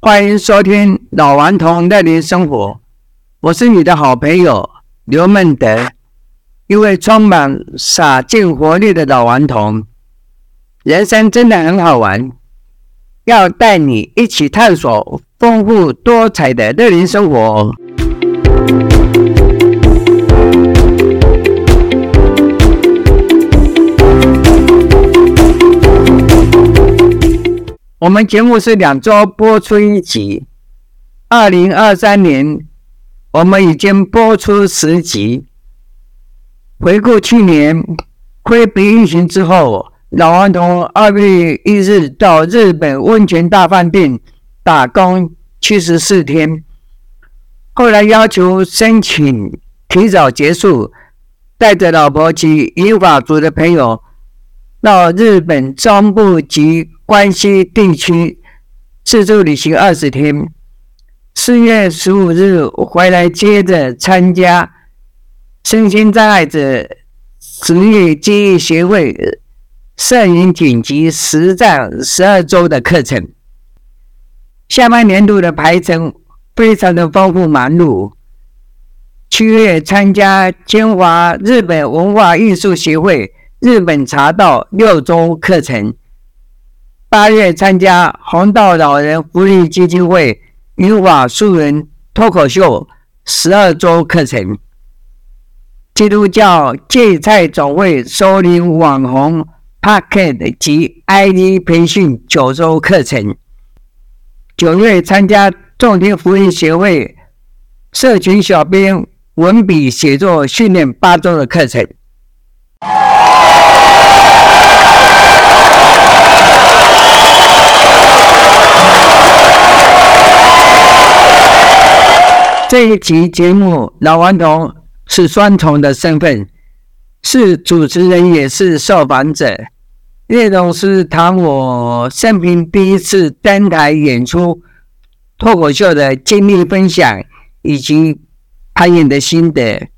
歡迎收聽《老頑童樂林生活》，我是你的好朋友劉孟德，一位充滿灑勁活力的老頑童。人生真的很好玩，要帶你一起探索豐富多彩的樂林生活。我們節目是兩周播出一集，二零二三年我們已經播出十集。回顧去年虧 o v i 疫情之後，老頑童二月一日到日本溫泉大飯店打工七十四天，後來要求申請提早結束，帶着老婆及伊法組的朋友，到日本中部及關西地區自助旅行二十天，四月十五日回來，接着參加身心障礙者職業技藝協會攝影剪輯實戰十二周的課程。下半年度的排程非常的豐富忙碌，七月參加清華日本文化藝術協會。日本茶道六周課程，八月參加弘道老人福利基金會銀髮素人脫口秀十二周課程，基督教芥菜種會收領網紅 Paket 及 ID 培訓九周課程，九月參加眾天福利協會社群小編文筆寫作訓練八周的課程。這一期節目，老頑童是雙重的身份，是主持人也是受訪者。內容是談我生平第一次登台演出脫口秀的經歷分享，以及排演的心得。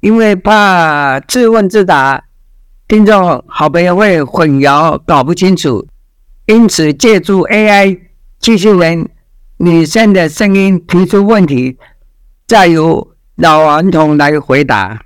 因為怕自問自答，聽眾好朋友會混淆搞不清楚，因此借助 AI 機器人。女生的聲音提出問題，再由老頑童來回答。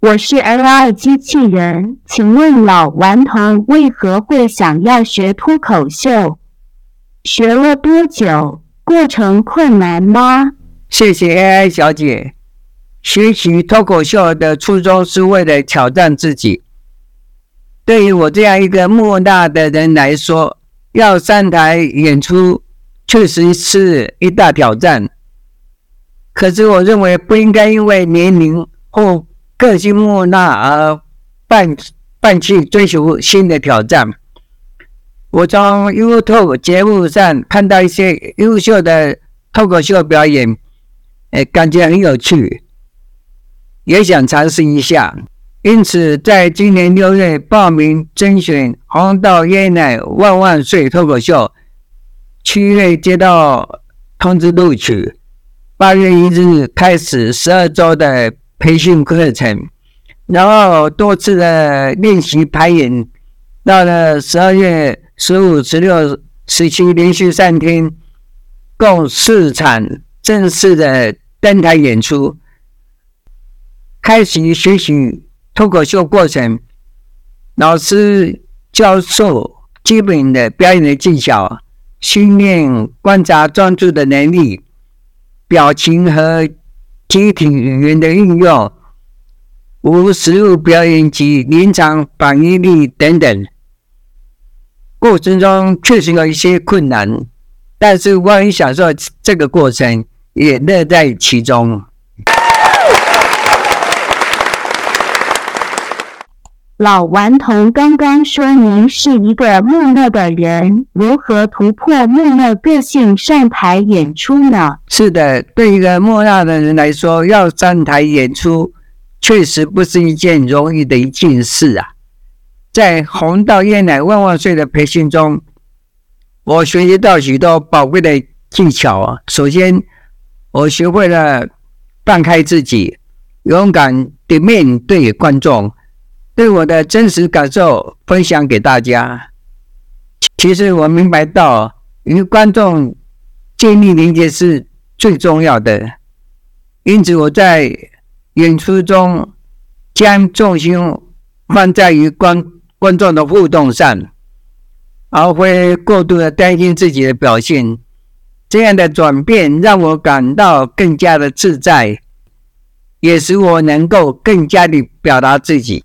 我是 AI 機器人，請問老頑童為何會想要學脫口秀？學了多久？過程困難嗎？謝謝 AI 小姐。學習脫口秀的初衷是為了挑戰自己。對於我這樣一個木訥的人來說，要上台演出，確實是一大挑戰。可是我認為，不應該因為年齡或個性木訥而放棄、放棄追求新的挑戰。我從 YouTube 節目上看到一些優秀的脫口秀表演，哎，感覺很有趣。也想嘗試一下，因此在今年六月報名甄選《弘道爺奶萬萬說》脫口秀，七月接到通知錄取，八月一日開始十二周的培訓課程，然後多次的練習排演，到了十二月十五、十六、十七連續三天，共四場正式的登台演出。開始學習脫口秀過程，老師教授基本的表演的技巧，訓練觀察專注的能力，表情和肢體語言的運用，無實物表演及臨場反應力等等。過程中確實有一些困難，但是我很享受這個過程，也樂在其中。老頑童剛剛說您是一個木訥的人，如何突破木訥個性上台演出呢？是的，對一個木訥的人來說，要上台演出確實不是一件容易的一件事啊。在《弘道爺奶萬萬說》的培訓中，我學習到許多寶貴的技巧啊。首先，我學會了放開自己，勇敢的面對觀眾。對我的真實感受分享給大家。其實我明白到，與觀眾建立連接是最重要的，因此我在演出中將重心放在與觀觀眾的互動上，而非過度的擔心自己的表現。這樣的轉變讓我感到更加的自在，也使我能夠更加的表達自己。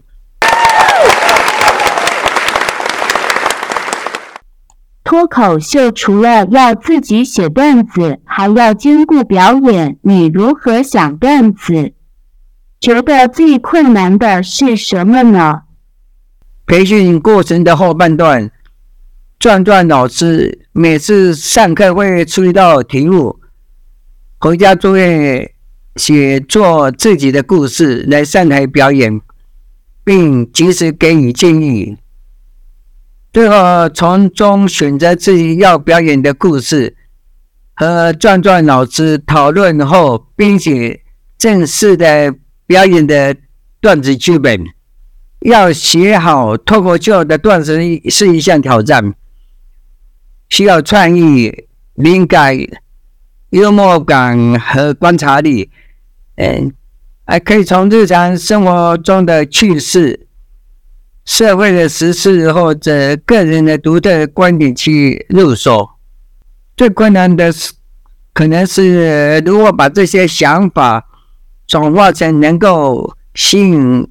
脫口秀除了要自己寫段子，還要兼顧表演。你如何想段子？覺得最困難的是什麼呢？培訓過程的後半段，壯壯老師每次上課會出一道題目，回家作業寫作自己的故事來上台表演，並及時給予建議。最後，從中選擇自己要表演的故事，和轉轉老師討論後，編寫正式的表演的段子劇本。要寫好脫口秀的段子是一項挑戰，需要創意、靈感、幽默感和觀察力。嗯，還可以從日常生活中的趣事。社會的實事或者個人的獨特觀點去入手，最困難的是，可能是如何把這些想法轉化成能夠吸引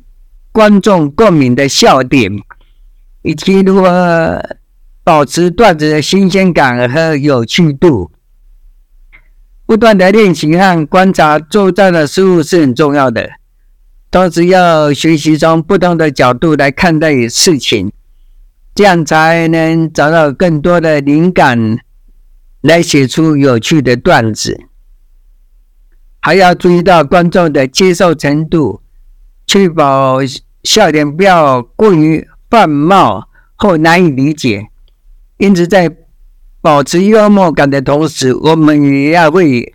觀眾共鳴的笑點，以及如何保持段子的新鮮感和有趣度。不斷的練習和觀察周遭的事物是很重要的。同時要學習從不同的角度來看待事情，這樣才能找到更多的靈感，來寫出有趣的段子。還要注意到觀眾的接受程度，確保笑點不要過於冒犯或難以理解。因此，在保持幽默感的同時，我們也要為，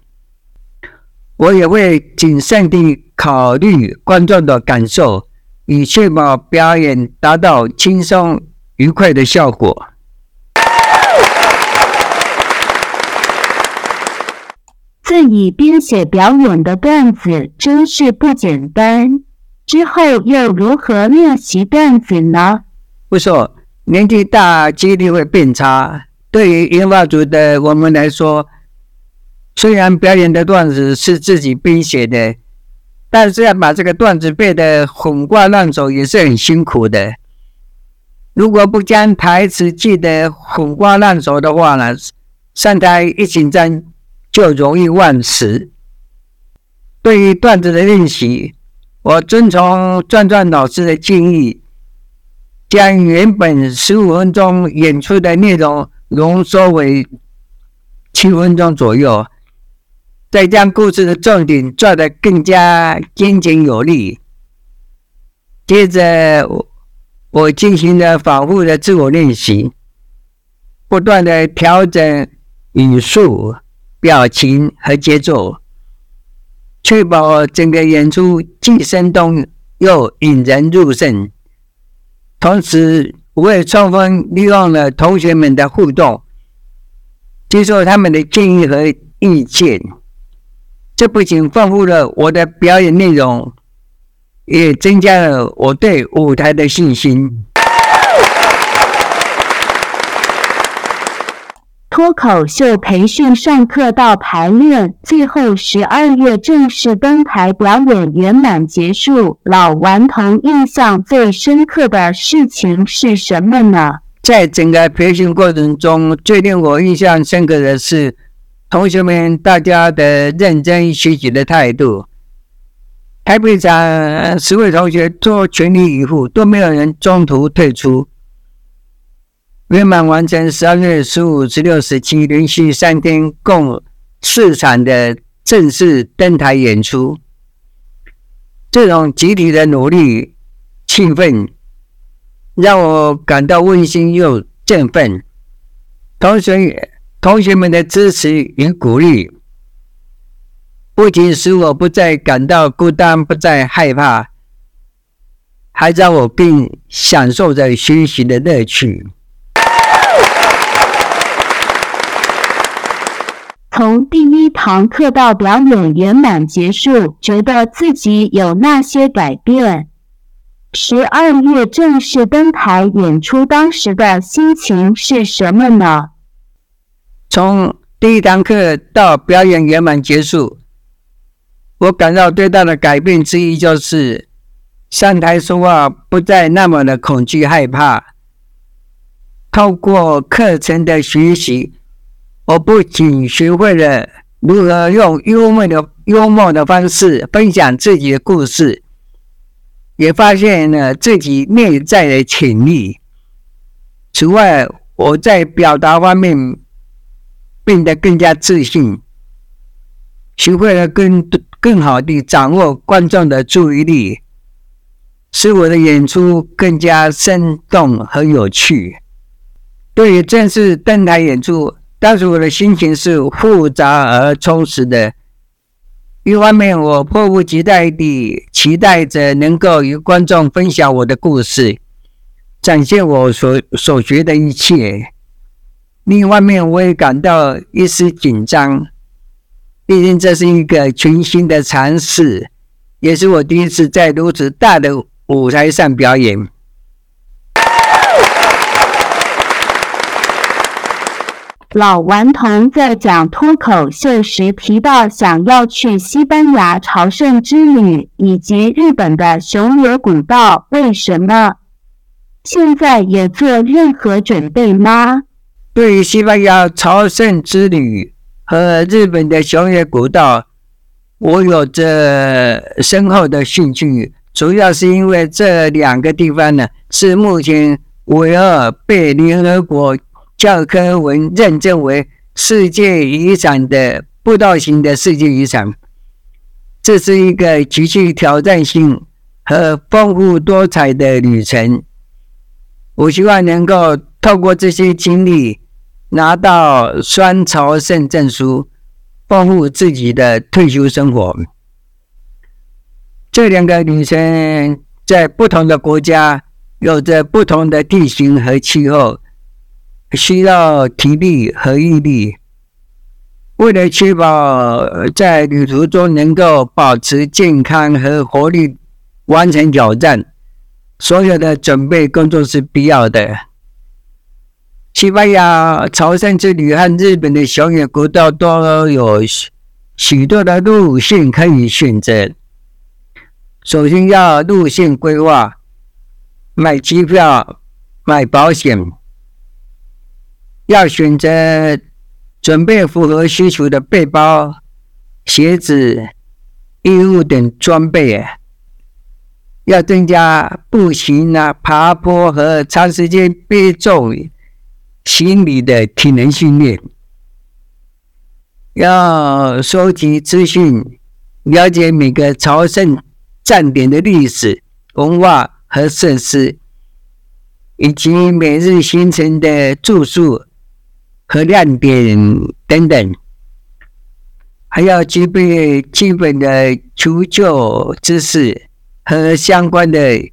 我也會謹慎地。考慮觀眾的感受，以確保表演達到輕鬆愉快的效果。自己編寫表演的段子真是不簡單。之後又如何練習段子呢？不說，年紀大，記憶力會變差。對於銀髮族的我們來說，雖然表演的段子是自己編寫的。但是要把這個段子背得滾瓜爛熟也是很辛苦的。如果不將台詞記得滾瓜爛熟的話呢，上台一緊張就容易忘詞。對於段子的練習，我遵從轉轉老師的建議，將原本十五分鐘演出的內容濃縮為七分鐘左右。再將故事的重點抓得更加精簡有力。接着，我進行了反覆的自我練習，不斷的調整語速、表情和節奏，確保整個演出既生動又引人入勝。同時，我也充分利用了同學們的互動，接受他們的建議和意見。這不僅豐富了我的表演內容，也增加了我對舞台的信心。脫口秀培訓上課到排練，最後十二月正式登台表演圓滿結束。老頑童印象最深刻的事情是什麼呢？在整個培訓過程中，最令我印象深刻的是。同學們，大家的認真學習的態度，台北場十位同學都全力以赴，都沒有人中途退出，圓滿完成十二月十五、十六、十七連續三天共四場的正式登台演出。這種集體的努力氣氛，讓我感到溫馨又振奮。同學。同學們的支持與鼓勵，不僅使我不再感到孤單，不再害怕，還讓我更享受着學習的樂趣。從第一堂課到表演圓滿結束，覺得自己有那些改變？十二月正式登台演出，當時的心情是什麼呢？從第一堂課到表演圓滿結束，我感到最大的改變之一就是上台說話不再那麼的恐懼害怕。透過課程的學習，我不僅學會了如何用幽默的幽默的方式分享自己的故事，也發現了自己內在的潛力。此外，我在表達方面，變得更加自信，學會了更更好地掌握觀眾的注意力，使我的演出更加生動和有趣。對於正式登台演出，當時我的心情是複雜而充實的。一方面，我迫不及待地期待着能夠與觀眾分享我的故事，展現我所所學的一切。另外一方面，我也感到一絲緊張，畢竟這是一個全新的嘗試，也是我第一次在如此大的舞台上表演。老頑童在講脫口秀時提到想要去西班牙朝聖之旅以及日本的熊野古道，為什麼現在也做任何準備嗎？對於西班牙朝聖之旅和日本的熊野古道，我有着深厚的興趣，主要是因為這兩個地方呢，是目前唯二被聯合國教科文認證為世界遺產的步道型的世界遺產。這是一個極具挑戰性和豐富多彩的旅程，我希望能夠透過這些經歷。拿到雙朝聖證書，豐富自己的退休生活。這兩個女生在不同的國家，有着不同的地形和氣候，需要體力和毅力。為了確保在旅途中能夠保持健康和活力，完成挑戰，所有的準備工作是必要的。西班牙、朝聖之旅和日本的熊野古道都有許多的路線可以選擇。首先要路線規劃，買機票、買保險，要選擇準備符合需求的背包、鞋子、衣物等裝備。要增加步行啊、爬坡和長時間背重，心理的體能訓練，要收集資訊，了解每個朝聖站點的歷史、文化和設施，以及每日行程的住宿和亮點等等。還要具備基本的求救知識和相關的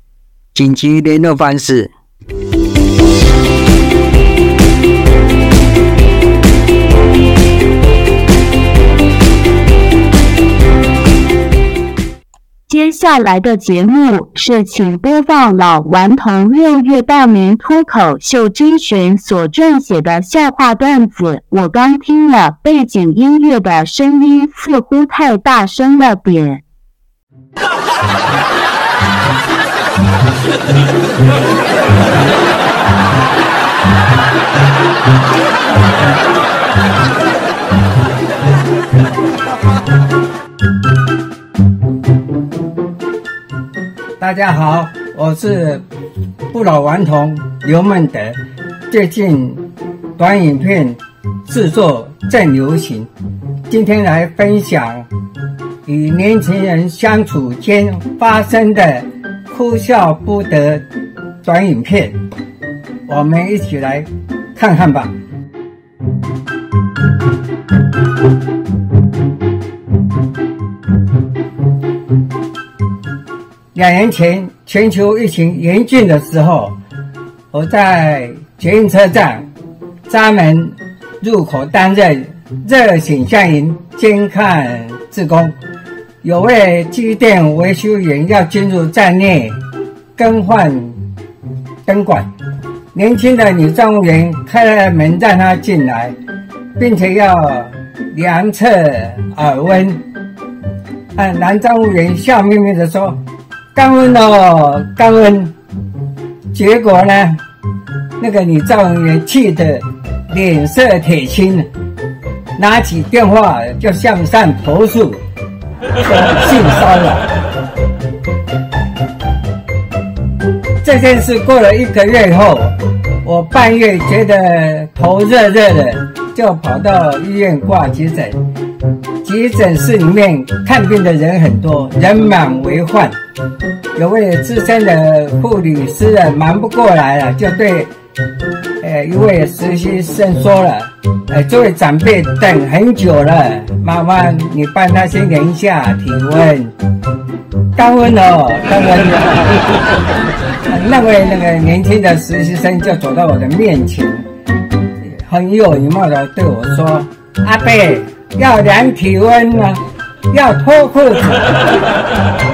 緊急聯絡方式。接下來的節目是，請播放老頑童六月報名脫口秀甄選所撰寫的笑話段子。我剛聽了，背景音樂的聲音似乎太大聲了點。 大家好，我是不老頑童劉夢德。最近短影片製作正流行，今天來分享與年輕人相處間發生的哭笑不得短影片，我們一起來看看吧。兩年前，全球疫情嚴峻的時候，我在捷運車站閘門入口擔任熱顯像儀監看志工。有位機電維修員要進入站內更換燈管，年輕的女站務員開了門讓他進來，並且要量測耳溫。哎、啊，男站務員笑眯眯地說。肛溫哦，肛溫，結果呢？那個女狀元也氣得臉色鐵青，拿起電話就向上投訴，說性騷擾。 這件事過了一個月以後，我半夜覺得頭熱熱的，就跑到醫院掛急診。急診室裡面看病的人很多，人滿為患。有位資深的護理師啊，忙不過來了，就對，呃一位實習生說了：“呃，這位長輩等很久了，麻煩你幫他先量一下體溫。”高溫哦，高溫啊。 那位那個年輕的實習生就走到我的面前，很有禮貌的對我說：“阿伯，要量體溫啊，要脫褲子。 ”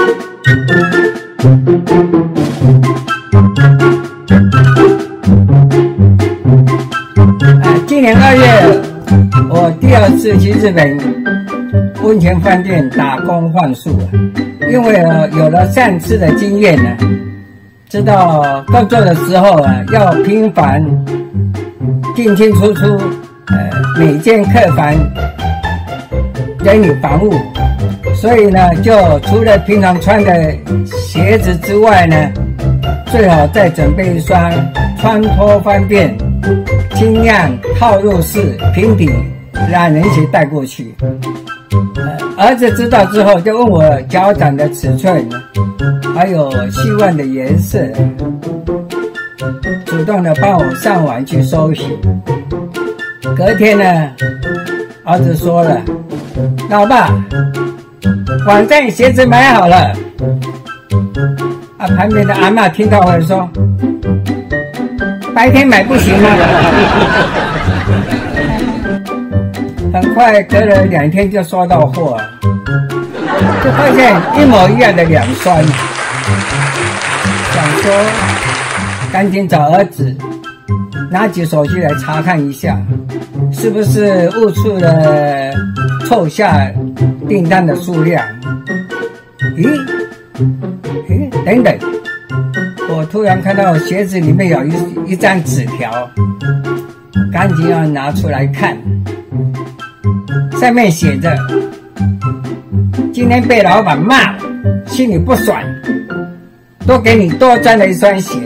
前二月，我第二次去日本溫泉飯店打工換宿，啊，因為有了上次的經驗呢，啊，知道工作的時候啊要頻繁進進出出，呃每間客房都有房務。所以呢就除了平常穿的鞋子之外呢，最好再準備一雙穿脫方便。儘量套入式平底，懶人鞋帶過去、呃。兒子知道之後，就問我腳掌的尺寸，還有希望的顏色，主動的幫我上網去搜尋。隔天呢，兒子說了：“老爸，網站鞋子買好了。”啊，旁邊的阿嬤聽到我來說。.白天買不行嗎？ 很快隔了兩天就收到貨了，就發現一模一樣的兩雙。想說趕緊找兒子，拿起手機來查看一下，是不是誤觸了湊下訂單的數量。咦？咦咦，等等。我突然看到鞋子裡面有一一張紙條，趕緊要拿出來看，上面寫着：“今天被老闆罵心裡不爽，多給你多裝了一雙鞋，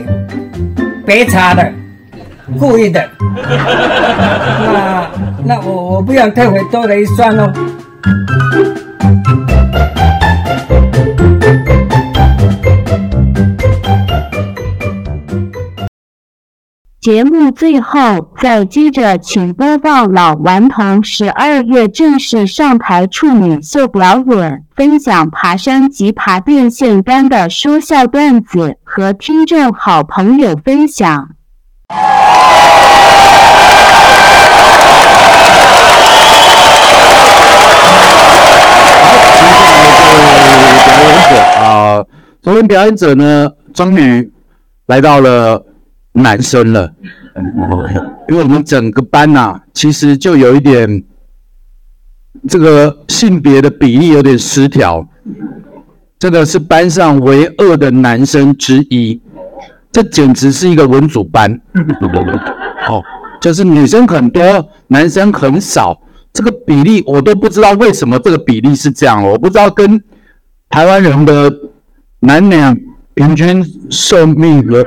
白擦的，故意的。 ”那那那我我不想退回多的一雙哦。節目最後再接着，請播報老頑童十二月正式上台處女秀表演，分享爬山及爬電線桿的說笑段子，和聽眾好朋友分享。嗯、好，接下來這位表演者啊，昨、呃、天表演者呢，終於來到了。男生了，因為我們整個班吶、啊，其實就有一點這個性別的比例有點失調，這個是班上唯二的男生之一，這簡直是一個文組班，哦，就是女生很多，男生很少，這個比例我都不知道為什麼這個比例是這樣，我不知道跟台灣人的男女平均壽命有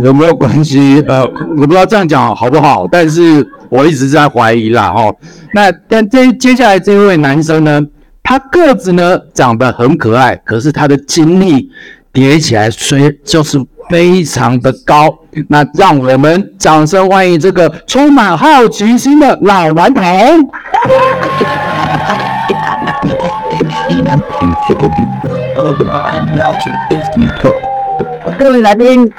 有沒有關係？呃，我不知道這樣講好不好，但是我一直在懷疑啦、哦。哈，那但這接下來這位男生呢，他個子呢長得很可愛，可是他的精力疊起來，雖然就是非常的高。那讓我們掌聲歡迎這個充滿好奇心的老頑童。各位來賓。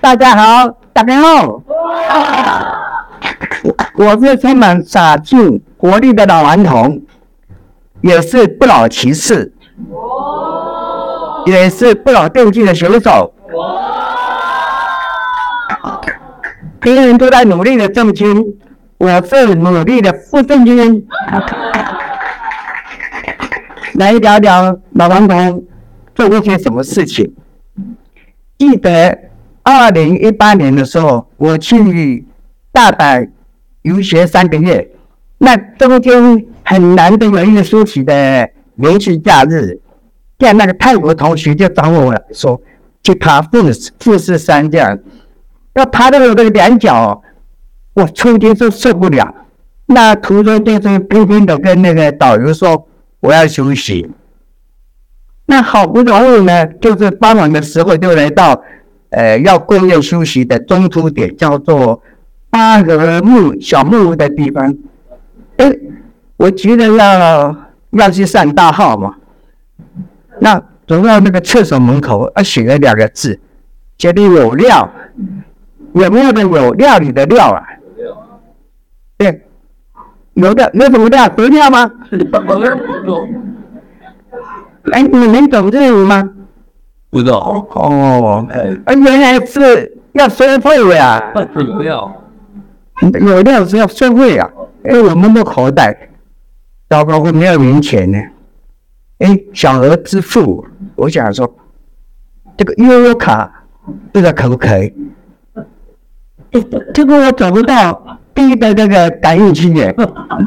大家好，大家好，我是充滿傻勁、活力的老頑童，也是不老騎士，也是不老電競的選手。別人都在努力的掙錢，我是努力的副正軍。來聊聊老頑童做過些什麼事情。記得。二零一八年的時候，我去大阪遊學三個月。那中間很難得有一個休息的連續假日，見那個泰國同學就找我說去爬富士富士山這樣。要爬到我的兩腳，我抽筋都受不了。那途中就是拼命的跟那個導遊說我要休息。那好不容易呢，就是傍晚的時候就來到。呃，要半夜休息的中途點叫做巴格木小木屋的地方。誒、欸，我覺得要要去上大號嘛，那走到那個廁所門口，啊，寫了兩個字，這裡有料，有沒有，有的、啊？有料理的料啊？對，有的有什麼料？肥料，料嗎？你 不哎，你能懂這個嗎？不知道哦，哎，原、哎、來是要收費的、啊、呀，不是沒有，有料是要收費啊！哎，我摸摸口袋，糟糕，沒有零錢呢、啊。哎，小額支付，我想說，這個悠遊卡，不知道可不可以？這、哎、個、哎、我找不到 B 的那個感應器呢。哎嗯哎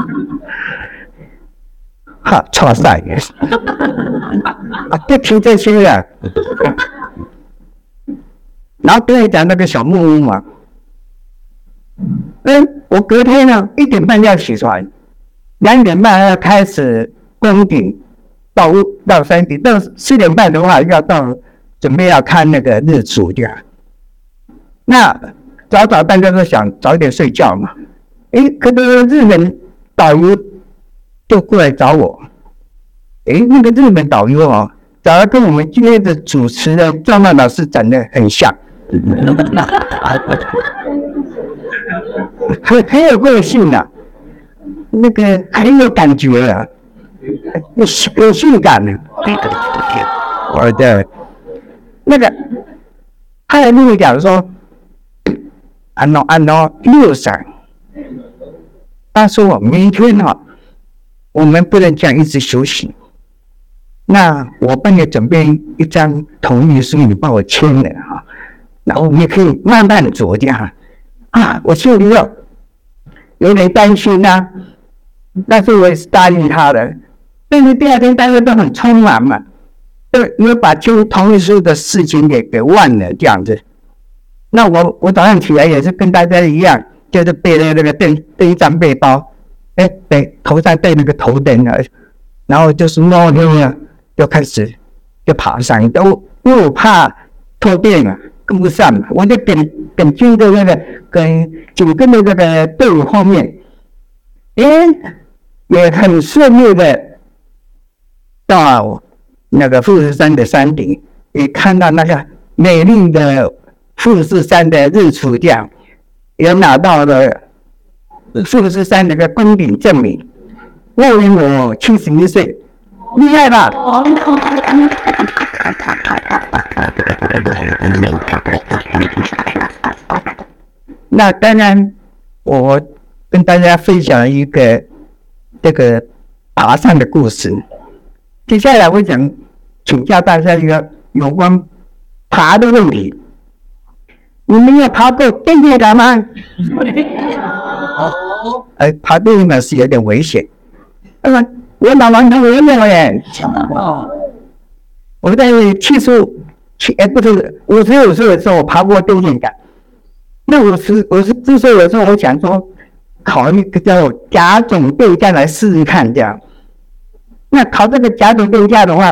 哈，超三元，啊，再平再啊。了，然後跟你講那個小木屋嘛。嗯，我隔天呢一點半要起床，兩點半要開始登頂，到屋到山頂，到四點半的話要到準備要看那個日出的。那早早大家都想早一點睡覺嘛。哎、欸，可是日本人到屋。都過來找我，哎，那個日本導遊啊，長得跟我們今天的主持的趙曼老師長得很像，很 很 有個性的，那個很有感覺，啊，有有性感的，啊，我的那個，他還跟我講說：“阿諾阿諾，你有啥？他說沒聽到。啊”我們不能這樣一直休息。那我幫你準備一張同意書，你幫我簽了哈。那我們也可以慢慢的做掉。啊，我心裡有有點擔心吶，啊，但是我也是答應他的。但是第二天大家都很匆忙嘛，就因為把就同意書的事情給給忘了這樣子。那我我早上起來也是跟大家一樣，就是背那個那個背背一張背包。哎、欸，對，頭上戴那個頭燈啊，然後就是那天就開始就爬山，都又怕脫隊嘛，跟不上嘛。我就跟跟跟着那個跟緊跟那個隊伍後面，誒、欸，也很順利的到那個富士山的山頂，也看到那個美麗的富士山的日出架，也拿到了。是不是在那個工齡證明？我為我七十一歲，厲害吧？哦、那當然，我跟大家分享一個這個爬山的故事。接下來我想請教大家一個有關爬的問題：你們要爬過電梯了嗎？ 哦，哎，爬電線桿是有點危險。那、嗯、個，我老能那麼危險了哦，我在七歲，去哎、欸，不是，五十五歲的時候我爬過電線桿。那我是我是五十四歲的時候，我想說考那個叫甲種電匠來試試看這樣。那考這個甲種電匠的話，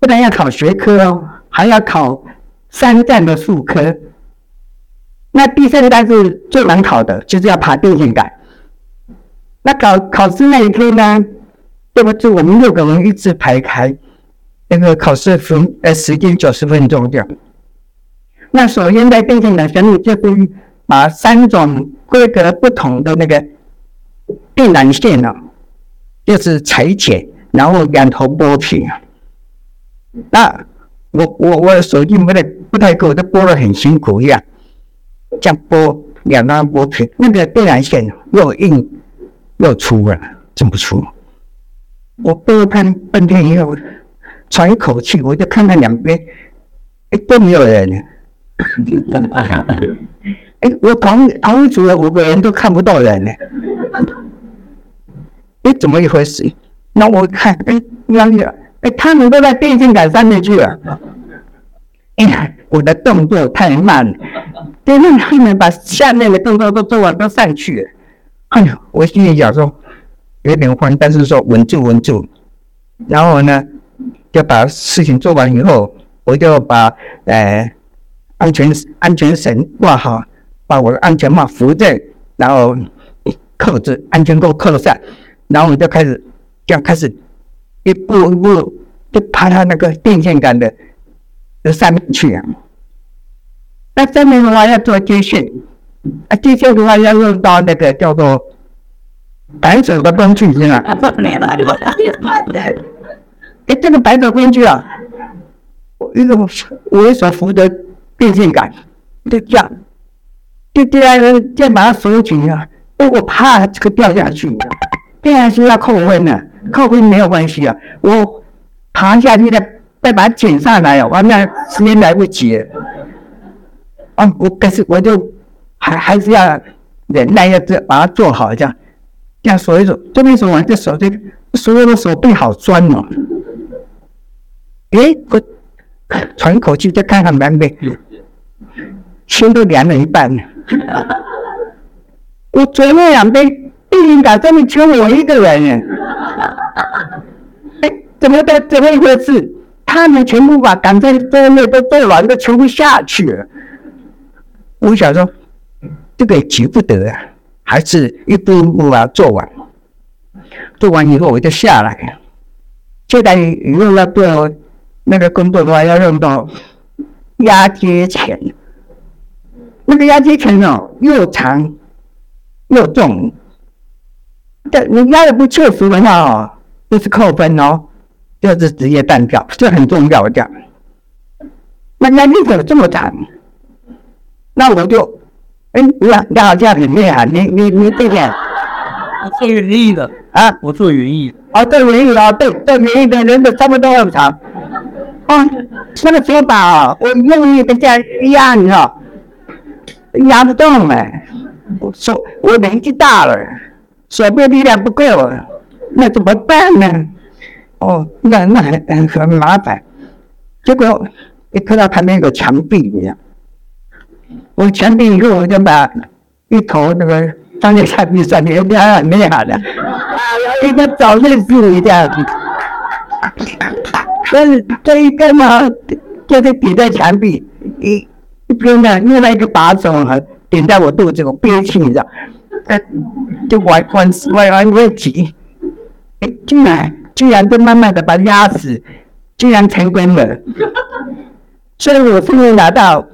不但要考學科、哦，還要考三站的術科。那第三單是最難考的，就是要爬電線桿。那考考試那一天呢，對不住，我們六個人一字排開，那、這個考試分呃時間九十分鐘這樣。那首先在電線桿上面，就是把三種規格不同的那個電纜線呢、哦，就是裁剪，然後兩頭剝平。那我我我手勁沒得不太夠，都剝的很辛苦一樣。這樣撥兩端撥平，那個電纜線又硬又粗啊，真不粗。我撥盤半天以後，喘一口氣，我就看看兩邊，哎、欸、都沒有人。誒，哎，我同一組的五個人都看不到人呢。哎、 欸，怎麼一回事？那我看，哎、欸，那個，哎、欸，他們都在電線桿上面去啊。 欸我的動作太慢了，別人他們把下面的動作都做完都上去了。哎呀，我心裡想說有點慌，但是說穩住穩住。然後呢，就把事情做完以後，我就把呃安全安全繩掛好，把我的安全帽扶正，然後扣子安全扣扣上，然後我就開始就要開始一步一步就爬他那個電線桿的。那上面去啊！那上面的話要做接線。啊，接線的話要用到那個叫做扳手的工具，先啊。哎，這個扳手工具啊，一怎麼我為什麼扶的變性感？對呀，弟這樣肩膀上鎖緊啊！哎，我怕這個掉下去，掉下去要扣分的，啊，扣分沒有關係啊！我爬下去的。再把它捲上來，我那時間來不及。哦、啊，我開始我就還、啊、還是要忍耐一下，要做把它做好，這樣鎖鎖這樣手一做這邊做完，這手這所有的手背好酸哦。誒、欸，我喘一口氣，再看看兩邊，心都涼了一半了。我左右兩邊一感，這上只有我一個人誒、欸，怎麼的？怎麼一回事？他們全部把趕在在那都做完的，都全部下去了。我想說，這個也急不得啊，還是一步一步把它做完。做完以後，我就下來。現在又要做那個工作的話，要用到壓接鉗。那個壓接鉗哦，又長又重，但你壓的不確實嘛哈，就、哦、是扣分哦。這、就是職業代表，這很重要的。那那你怎麼這麼慘？那我就，哎、欸，你好、啊，你好，嘉賓你好，你、啊、你、啊、你這、啊、邊？啊、 我做演藝的啊，我做演藝。哦，做演藝的，哦、啊、對，做演藝的，每一個人都差不多那麼長。哦、 啊，那個桌板，我用力的這樣壓，你知、啊、道、啊？壓不動唄，我手我年紀大了，手臂力量不夠了，那怎麼辦呢？哦，那那還很麻煩。結果一靠到旁邊一個牆壁一樣，我牆壁以後我就把一頭那個當在牆壁上面，鑽裡面，沒啥的。啊，要找那個人補一點。但是這一邊嘛，就是頂在牆壁一一邊呢， 另外一個把手還頂在我肚子，我憋氣着，就彎彎彎彎彎起，哎，就那。居然都慢慢的把它壓死，居然成功了，所以，我終於拿到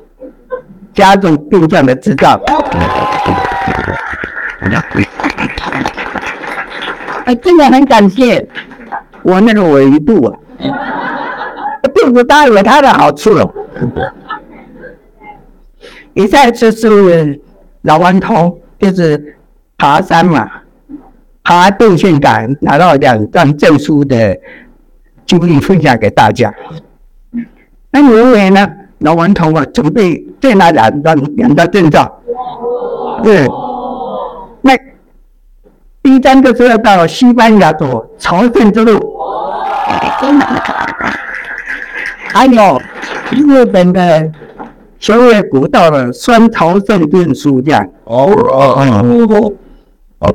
家中病狀的執照。 啊，真的很感謝，我那個維度啊，並不大有他的好處了。 一下就是老頑童，就是爬山嘛。他爬電線桿拿到兩張證書的經歷分享給大家。那年尾呢，老頑童啊，準備再拿兩張兩張證照。對，那第一張就是要到西班牙走朝聖之路，哎。還有，日本的熊野古道的雙朝聖證書這樣。哦哦哦哦，哦，哦。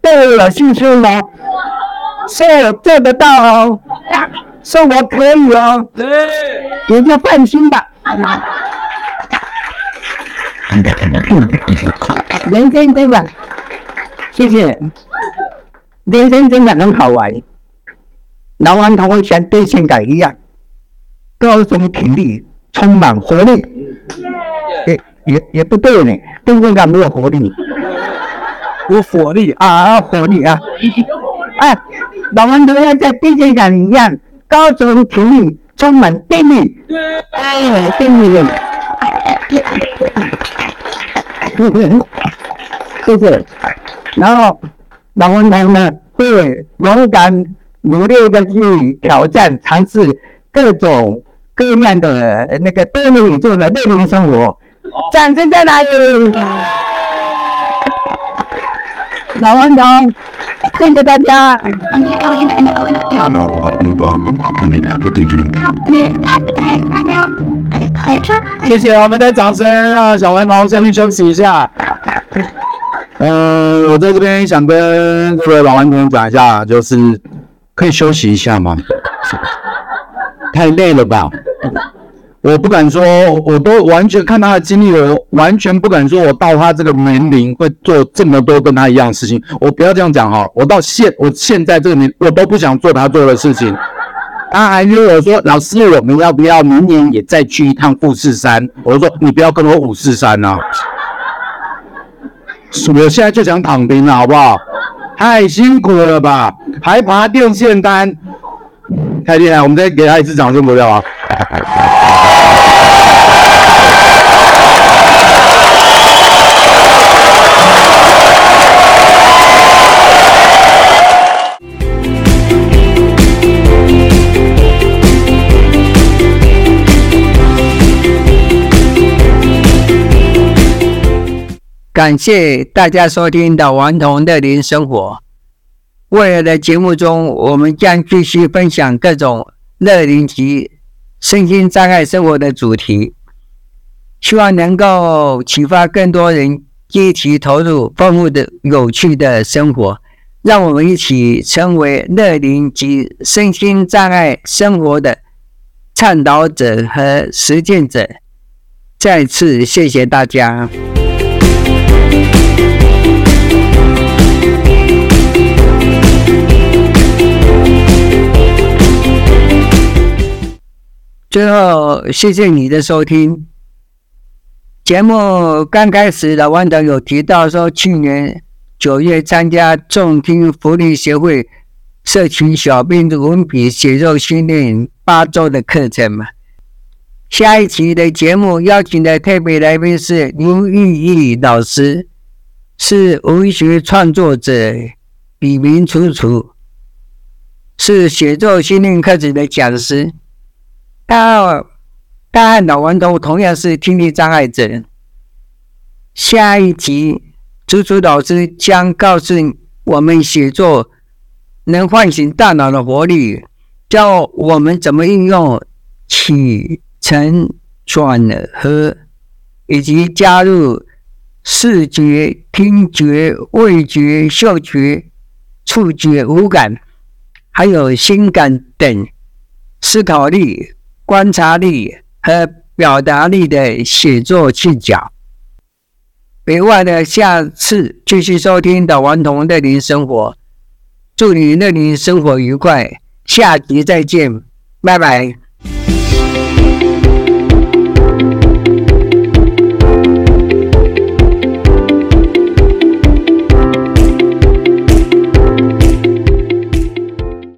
對了、哦、了，叔叔哦，是做得到哦、啊，說我可以哦，你就放心吧。啊，啊 人生對吧？謝謝，人生真的很好玩，老頑童會像電線桿一樣，高中挺立充滿活力，欸、也也也不對呢，電線桿沒有活力有活力啊，活力啊！哎， 老頑童要在地面上一樣，高聳挺立，充滿電力。哎，對，對，對，對，然後，老頑童呢，對，勇敢、努力的去挑戰、嘗試各種各樣的那個電力，做著電力生活。掌聲在哪裡？對老頑童，謝謝大家，謝謝我們的掌聲，讓小頑童先去休息一下。嗯，我在這邊想跟各位老頑童講一下，就是可以休息一下嗎？ 太累了吧？ 我不敢說，我都完全看他的經歷了，我完全不敢說。我到他這個年齡會做這麼多跟他一樣的事情。我不要這樣講哈，我到現我現在這個年，我都不想做他做的事情。他、啊、還約我說：“老師，我們要不要明年也再去一趟富士山？”我就說：“你不要跟我富士山吶、啊！”我現在就想躺平了，好不好？太辛苦了吧，還爬電線桿，太厲害！我們再給他一次掌聲好不好，不要啊！感謝大家收聽《老頑童樂齡生活》。未來的節目中，我們將繼續分享各種樂齡及身心障礙生活的主題，希望能夠啟發更多人積極投入豐富的、有趣的生活。讓我們一起成為樂齡及身心障礙生活的倡導者和實踐者。再次謝謝大家。最後，謝謝你的收聽。節目剛開始，老頑童有提到說，去年九月參加眾聽福利協會社群小編的文筆寫作訓練八週的課程嘛。下一期的節目邀請的特別來賓是劉玉玉老師，是文學創作者，筆名楚楚，是寫作訓練課程的講師。他他和老頑童同樣是聽力障礙者。下一集，朱朱老師將告訴我們，寫作能喚醒大腦的活力，教我們怎麼運用起承轉合，以及加入視覺、聽覺、味覺、嗅覺、觸覺五感，還有心感等思考力，觀察力和表達力的寫作技巧。別忘了下次繼續收聽《老頑童樂齡生活》，祝你樂齡生活愉快，下集再見，拜拜。